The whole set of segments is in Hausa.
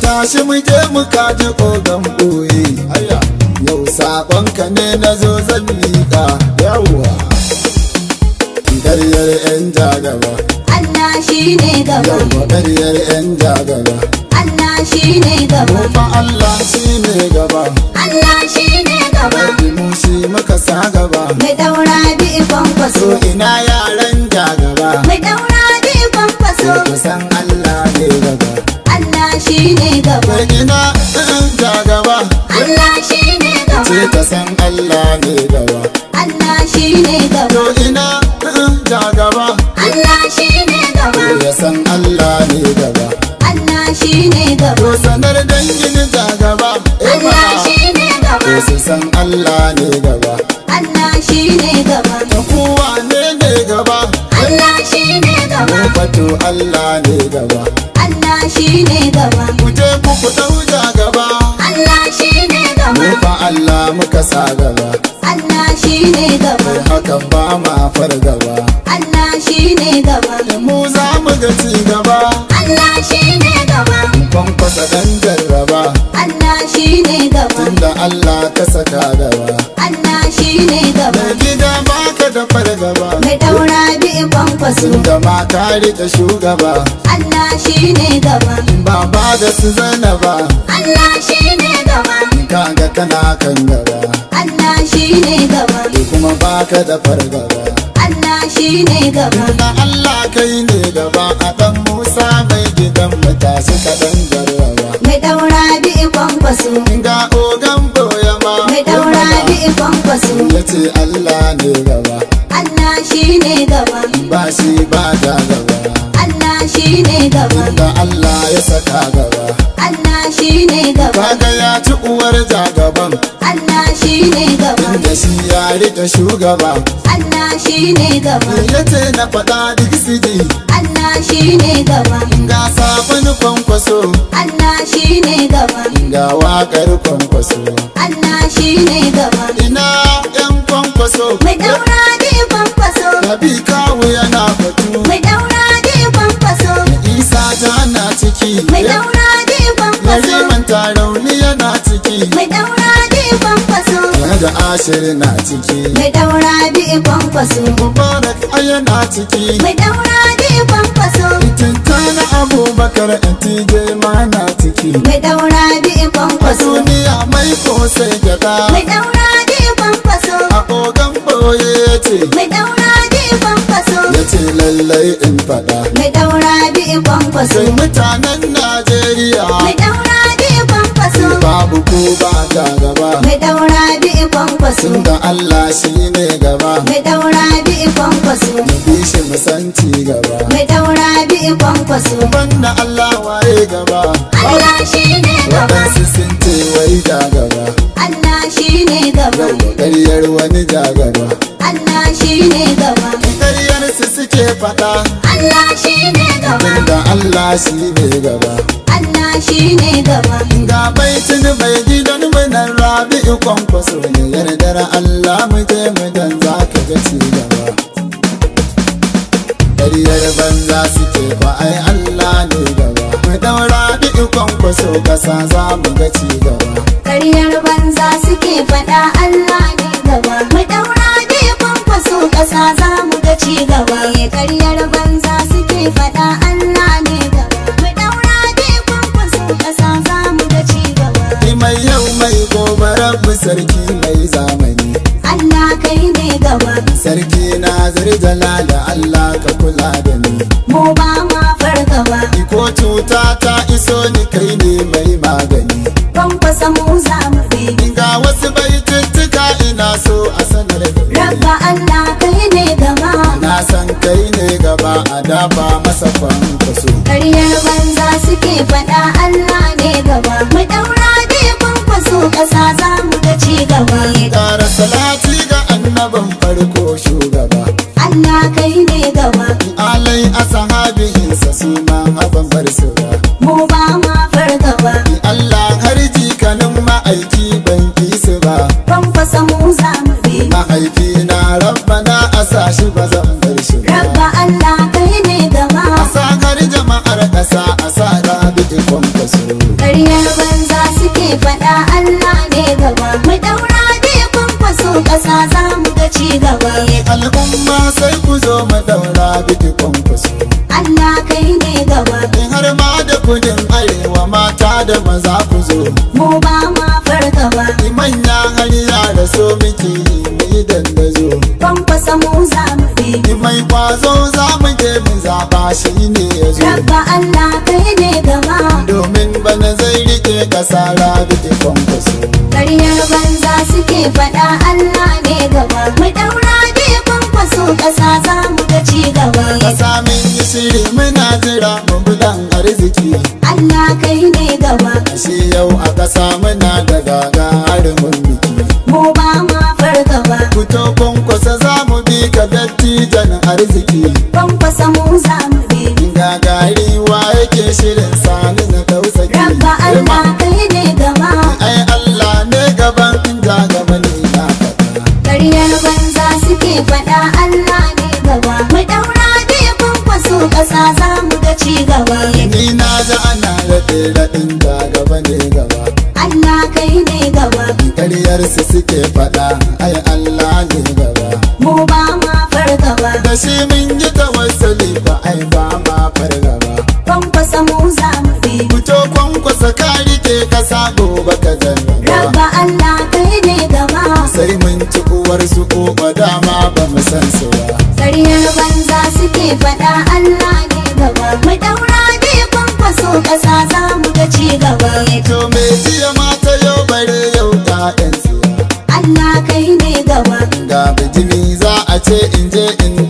Tashi mu je mu kaji kogan boye. Yau sabonka ne na zo zan miƙa. Yawwa. Garyar 'yan jagaba. Allah shi ne gaba Gargadariyar 'yan jagara Allah shi ne gaba Kuma Allah shi ne gaba Allah shi ne gaba Mu shi muka sa gaba Mu daura bi ikon kwaso ina yaran jagara Mu daura bi ikon kwaso Ku san Allah ne gaba Allah shi ne gaba na, Ina jagaba Allah shi ne gaba Ce ka san Allah ne gaba Allah shi ne gaba To ina Allah ne gaba Allah shi ne gaba kowa ne ne gaba Allah shi ne gaba fato Allah ne gaba Allah shi ne gaba ku je ku ku dauja gaba Allah shi ne gaba mu fa Allah muka sa gaba Allah shi ne gaba haka ba ma fargaba Allah shi ne gaba mu za mu ga ci gaba Allah shi ne gaba mu kwasa dan su gama ka rika shugaba Allah shi ne gaba Ba baba da su ba. Allah shi ne gaba kaga kana kan gaba Allah shi ne gaba kuma baka da fargaba Allah shi ne gaba na Allah kai ne gaba a dan Musa mai gidan matasu kadan garwa mai ne shugaba Allah shi ne gaba yace na faɗa duk sidi Allah shi ne gaba ga sabon kwankwaso Allah shi ne gaba ga waƙar kwankwaso Allah shi ne gaba ina yan kwankwaso mai daura Nasir na ciki. Mai daura bi kwankwaso. Mubarak Aya na ciki. Mai daura bi kwankwaso. tana Abubakar Tije ma na ciki. Mai daura bi kwankwaso. Duniya mai sai gada. Mai daura bi kwankwaso. A ogan boye ce. Mai daura bi kwankwaso. Ya ce lallai in fada. Mai daura bi kwankwaso. Sai mutanen Najeriya. Mai daura bi kwankwaso. Babu ko ba tun da Allah shi ne gaba mu daura bi kwankwaso mu bi shi musanci san ci gaba mu daura bi kwankwaso banda Allah waye gaba Allah shi ne gaba su sun ce wai da gaba Allah shi ne gaba ƙaryar wani ja gaba Allah shi ne gaba ƙaryar su suke faɗa Allah shi ne gaba tun da Allah shi ne gaba Shi ne gaba ga baitin bai gidan binan rabi'u kwankwaso ne yardar Allah mu je mu dan ga ci gaba Ƙaryar banza suke ba ai Allah ne gaba mu dan rabi'u kwankwaso kasa za mu ga ci gaba Ƙaryar banza suke faɗa Allah ne gaba mu dan rabi'u kwankwaso kasa za mu ga ci gaba eh, Ƙaryar banza suke faɗa Allah ne sarki Love them. kudin arewa mata da maza ku zo mu ba ma farka ba manya har da so miki mu dandazo ban kwasa mu za mu ni mai kwazo za mu je mu zaba shi ne ya zo rabba Allah kai ne gama. domin bana zai rike kasa rabi ki kwankwaso ƙaryar banza suke faɗa Allah ne gaba mu daura ne kwankwaso ƙasa za mu ga ci gaba ƙasa min yi shiri muna to kwankwasa za mu bi ka jana arziki kwankwasa mu za mu bi gagari wa yake shirin sani na ki rabba allah kai ne gaba ai allah ne gaban ja gaba ne na fada ƙaryar banza suke fada allah ne gaba mu daura ne kwankwaso ƙasa za mu ga ci gaba ni na ji ana tera din ja gaba ne gaba Allah kai ne gaba ƙaryar su suke fada Allah sai mun yi tawassali ba ai ba ma fargaba kwankwasa mu za mu fi fito kwankwasa ka rike kasa gobe ka zanna rabba Allah kai ne gaba sai mun ci uwar su ko ba dama ba mu san su ba ƙaryar banza suke faɗa Allah ne gaba mu daura ne kwankwaso ƙasa za mu ga ci gaba to me jiya ma mata yau bare yau ta'yansu Allah kai ne gaba ga bijimi za a ce in je in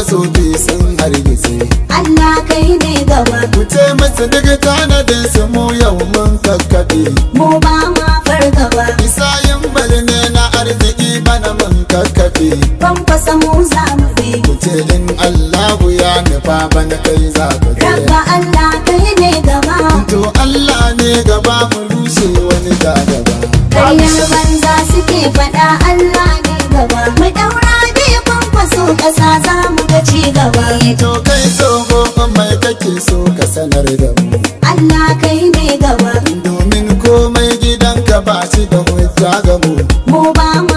masoji sun hargitse Allah kai ne gaba ku ce masa daga da su mu yau mun kakkaɓe mu ba ma farka ba isayin bali ne na arziki bana mun kakkaɓe ban fasa mu za mu bi ku ce in Allah ya nufa bana kai za ka je rabba Allah kai ne gaba to Allah ne gaba mu rushe wani da gaba Karyar banza suke faɗa Allah ne gaba mu ɗaura masu ƙasa za mu ga ci gaba. To kai tsoho mai kake so ka sanar da mu. Allah kai ne gaba. Domin komai gidanka ba shi da hujja ga mu. Mu ba mu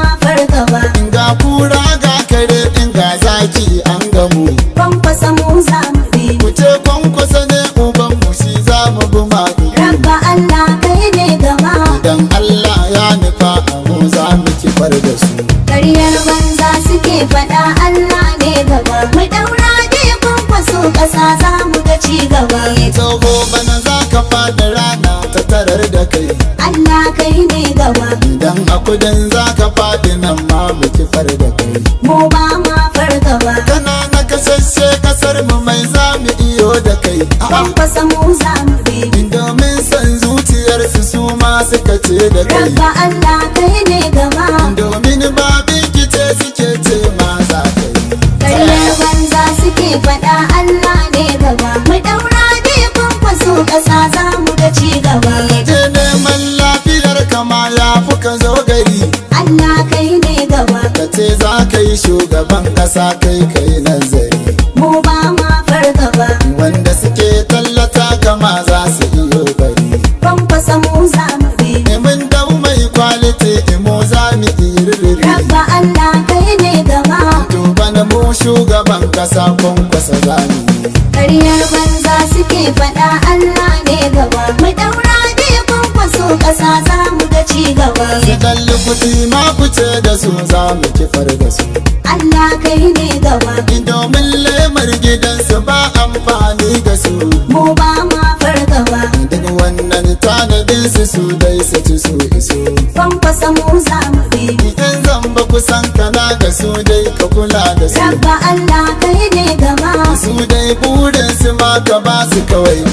ce da kai rabba Allah kai ne gama domin ba biki suke ce ma za kai karyar banza suke faɗa Allah ne gaba mu daura ne kwankwaso ƙasa za mu ga ci gaba je neman lafiyar kama yafi ka zo gari Allah kai ne gaba ka ce za ka yi shugaban ƙasa kai kai nazari mu ba ma fargaba wanda suke tallata kama za su kasa kwankwasa zani ƙaryar banza suke faɗa Allah ne gaba mu daura ne kwankwaso kasa za mu ga ci gaba su kalli kuɗi ma kuce da su za mu ci da su Allah kai ne gaba domin lemar gidansu ba amfani dasu. su mu ba ma fargaba duk wannan tanadin su su dai su ci su iso mu za mu bi in zan ba kusan ka your bicycle kawai